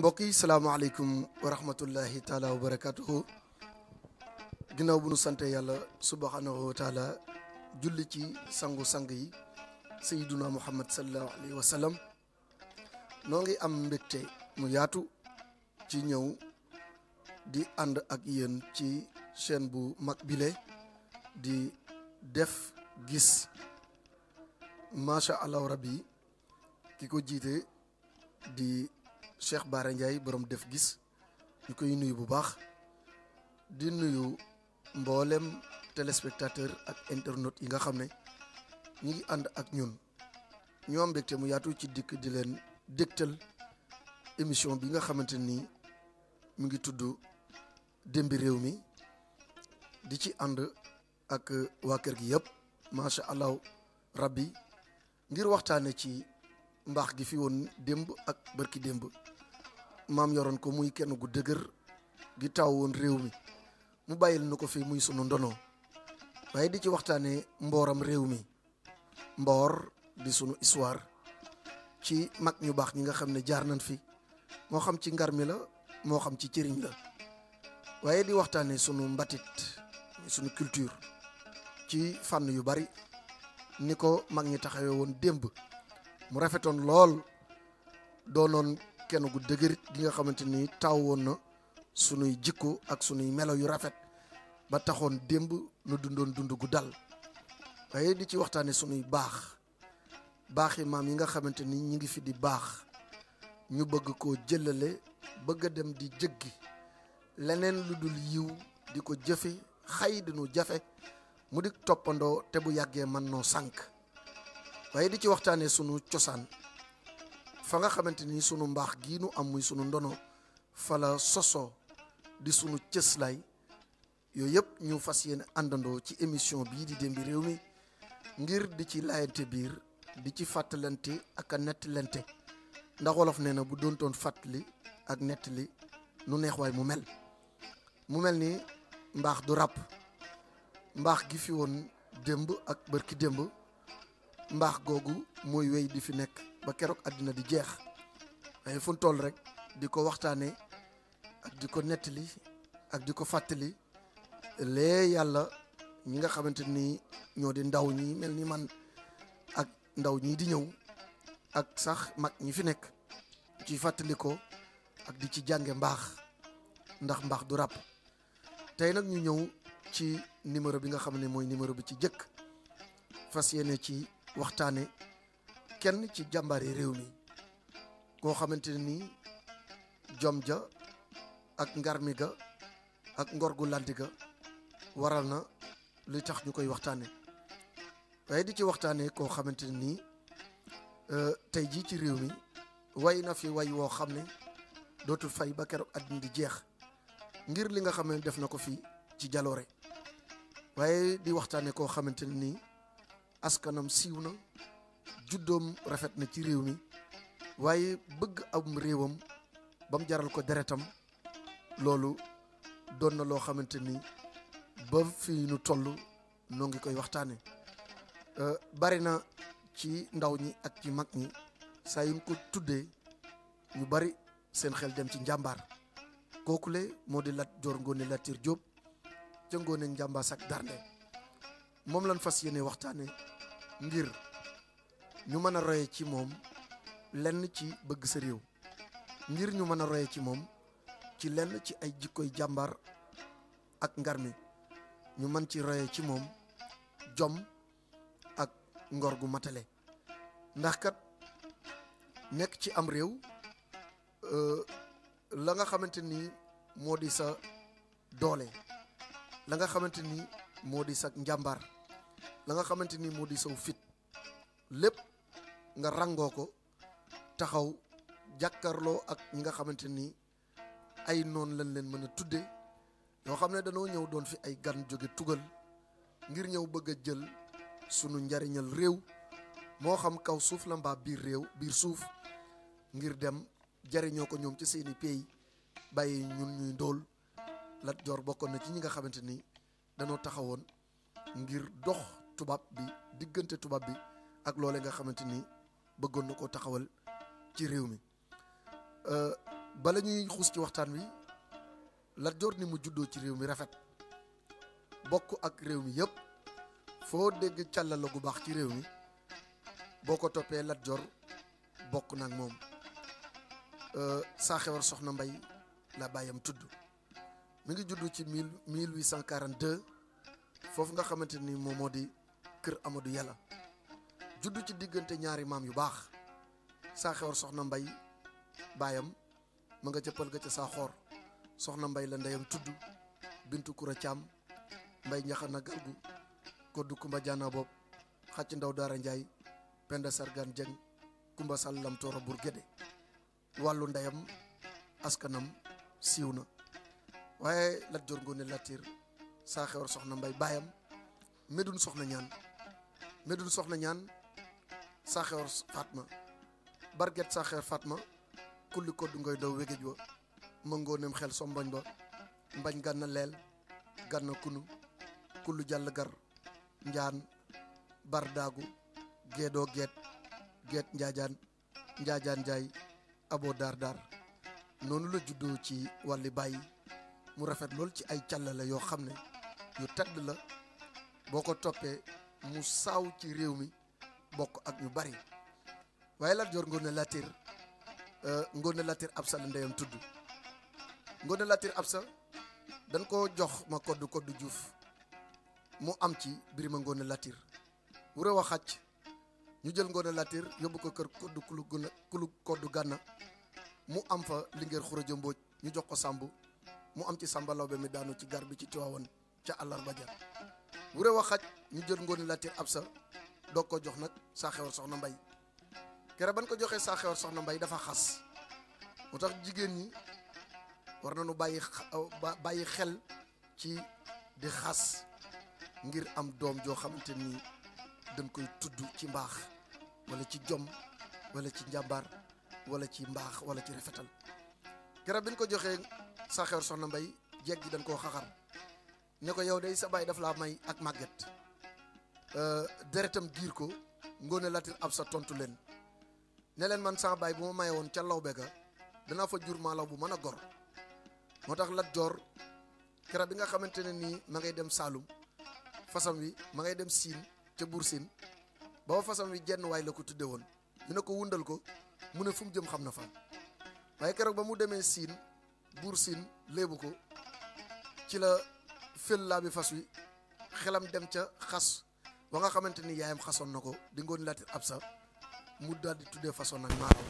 mbokk yi salaamaaleykum wa rahmatullahi taala wa barakatuhu ginnaaw bu nu sante yàlla subhanahu wa taala julli ci sangu sang yi sayyiduna muhammad sallallahu alayhi wa sallam noo ngi am mbégte mu yaatu ci ñëw di ànd ak yéen ci chaîne bu mag bile di def gis macha allah rabbi ki ko jiite di Cheikh Bara Ndiaye borom def gis ñu koy nuyu bu baax di nuyu mboolem téléspectateur ak internautes yi nga xam ne ñu ngi ànd ak ñun ñoo am mbégte mu yaatu ci dikk di leen dégtal émission bi nga xamante ni mu ngi tudd démbi réew mi di ci ànd ak waa kër gi yëpp macha allah rabbi ngir waxtaane ci mbaax gi fi woon démb ak bërki démb maam yoroon ko muy kenn gu dëgër di taw woon réew mi mu bàyyil nu ko fi muy sunu ndono waaye di ci waxtaanee mbooram réew mi mboor di sunu histoire ci mag ñu baax ñi nga xam ne jaar nañ fi moo xam ci ngar mi la moo xam ci cëriñ la waaye di waxtaanee sunu mbatit sunu culture ci fànn yu bari ni ko mag ñi taxawee woon démb mu rafetoon lool doonoon kenn gu dëgërit gi nga xamante ni taw na sunuy jikko ak sunuy melo yu rafet ba taxoon démb nu dundoon dund gu dal waaye di ci waxtaane sunuy baax baaxi maam yi nga xamante ni ñi ngi fi di baax ñu bëgg koo jëlale bëgg a dem di jëggi leneen lu dul yiw di ko jëfe xay dinu jafe mu di toppandoo te bu yàggee mën noo sànk waaye di ci waxtaane sunu cosaan fa nga xamante ni sunu mbaax gii nu am muy sunu ndono fa la sosoo di sunu cëslaay yooyu yëpp ñu fas yéene àndandoo ci émission bii di démbi réew mi ngir di ci laayante biir di ci fàttalante ak a nettalante ndax wolof nee na bu doontoon fàttali ak nettali nu neex waay mu mel mu mel ni mbaax du ràpp mbaax gi fi woon démb ak bërki démb mbaax googu mooy wey di fi nekk ba keroog àddina di jeex waaye fu toll rek di ko waxtaanee ak di ko nettali ak di ko fàttali lee yàlla ñi nga xamante ni ñoo di ndaw ñi mel ni man ak ndaw ñii di ñëw ak sax mag ñi fi nekk ci fàttali ko ak di ci jànge mbaax ndax mbaax du ràpp tey nag ñu ñëw ci numéro bi nga xam ne mooy numéro bi ci jëkk fas yéene ci waxtaane kenn ci jàmbaari réew mi koo xamante ne nii jom ja ak ngarmi ga ak ngorgu gu ga waral na lu tax ñu koy waxtaane waaye di ci waxtaane koo xamante ne nii euh, tey jii ci réew mi way na fi way woo xam ne dootul fay ba keroog àddina di jeex ngir li nga xam ne def na ko fi ci jaloore waaye di waxtaane koo xamante ne nii askanam siiw na juddoom rafet na ci réew mi waaye bëgg am réewam ba mu jaral ko deretam loolu doon na loo xamante ni ba fi nu toll noo ngi koy waxtaane euh, bari na ci ndaw ñi ak ci mag ñi saa yuñ ko tuddee ñu bari seen xel dem ci njàmbaar kookule moo di Lat Joor Ngoone Latiir Jóob ca Ngoone njàmbaas ak darnde moom lañ fas yéene waxtaane ngir ñu mën a roye ci moom lenn ci bëgg sa réew ngir ñu mën a roye ci moom ci lenn ci ay jikkoy jàmbar ak ngarmi ñu mën ci royee ci moom jom ak ngor gu matale ndax kat nekk ci am réew euh, la nga xamante ni moo di sa doole la nga xamante ni moo di sa njàmbar la nga xamante ni moo di saw fit lépp nga rangoo ko taxaw jàkkarloo ak ñi nga xamante ni ay noon lañ leen mën a tudde yoo xam ne dañoo ñëw doon fi ay gan jóge tugal ngir ñëw bëgg a jël sunu njariñal réew moo xam kaw suuf la mbaa biir réew biir suuf ngir dem jariñoo ko ñoom ci seeni pays bàyyi ñun ñuy ndóol Lat Joor bokkoon na ci ñi nga xamante ni dañoo taxawoon ngir dox tubaab bi diggante tubaab bi ak loole nga xamante ni bëggoon na koo taxawal ci réew mi euh, bala ñuy xuus ci waxtaan wi Lat Joor ni mu juddoo ci réew mi rafet bokk ak réew mi yëpp foo dégg càllala gu baax ci réew mi boo ko toppee Lat Joor bokk nag moom euh, saa xewar soxna mbay la bàyyam tudd mu ngi juddu ci mille mille huit cent quarante-deux foofu nga xamante ni moom moo di kër amadu Yàlla juddu ci diggante ñaari maam yu baax saa xewar soxna mbay baayam mu nga ca pël ga ca saa soxna mbay la ndeyam tudd bintu kura caam mbay ñaxana galgu koddu kumba jaana boob xàcc ndaw daara njaay penda sargan jeng kumba sàllam toora bur gédé wàllu ndeyam askanam siiw na waaye lat joor ngoone latiir saa soxna mbay baayam medun soxna ñaan medun soxna ñaan saxeor fatma barget saxeor fatma kulli koddu ngoy dow wegej wa mëngoo nem xel somboñ ba mbañ ganna leel ganna kunu kullu jàll gar njaan bardaagu geedoo geet geet njaajaan njaajaan njaay aboo daar daar noonu la juddoo ci wàlli bàyyi mu rafet lool ci ay càll la yoo xam ne yu tedd la boo ko toppee mu saaw ci réew mi bokk ak ñu bari waaye Lat Joor Ngoone Latiir euh, Ngoone Latiir Absa la ndeyam tudd Ngoone Latiir Absa dañ ko jox ma koddu koddu Juuf mu am ci Birima Ngoone Latiir wuré wa xàcc ñu jël Ngoone Latiir yóbbu ko kër koddu kulu gën a kulu koddu gànna mu am fa Lingeer Xuraja Mbooj ñu jox ko Sàmb mu am ci Sàmba Lawbe mi daanu ci gar bi ci Tiwaawan ca àllarba ja wa xàcc ñu jël ngoon Ngoone Latiir Absa doog ko jox nag saa soxna mbay kere ban ko joxee saa xewar soxna mbay dafa xas mu tax jigéen ñi war nañu bàyyi euh, bàyyi xel ci di xas ngir am doom joo xamante ni dañ koy tudd ci mbaax wala ci jom walla ci njàmbaar walla ci mbaax wala ci rafetal garab bi ñu ko joxee saa xewar soxna mbay jeeg ji dañ koo xaxar ne ko yow day sa baay daf laa may ak màgget Euh, deretam diir ko Ngoné ab sa tontu leen ne leen man sama baay bu ma maye woon ca lawbe ga danaa fa jur maalaw bu mën a gor moo tax Lat Joor kera bi nga xamante ne nii ma ngay dem Saalum fasam wi ma ngay dem siin ca buur siin booba fasam wi jenn waay la ko tudde woon ñu ne ko wundal ko mu ne fu mu jëm xam na fa waaye keroog ba mu demee siin buur siin léebu ko ci la fël laa bi fas wi xelam dem ca xas ba nga xamante ni yaayam xasoon na ko di ngoon laati ab sa mu daal di tuddee façon nag maanaam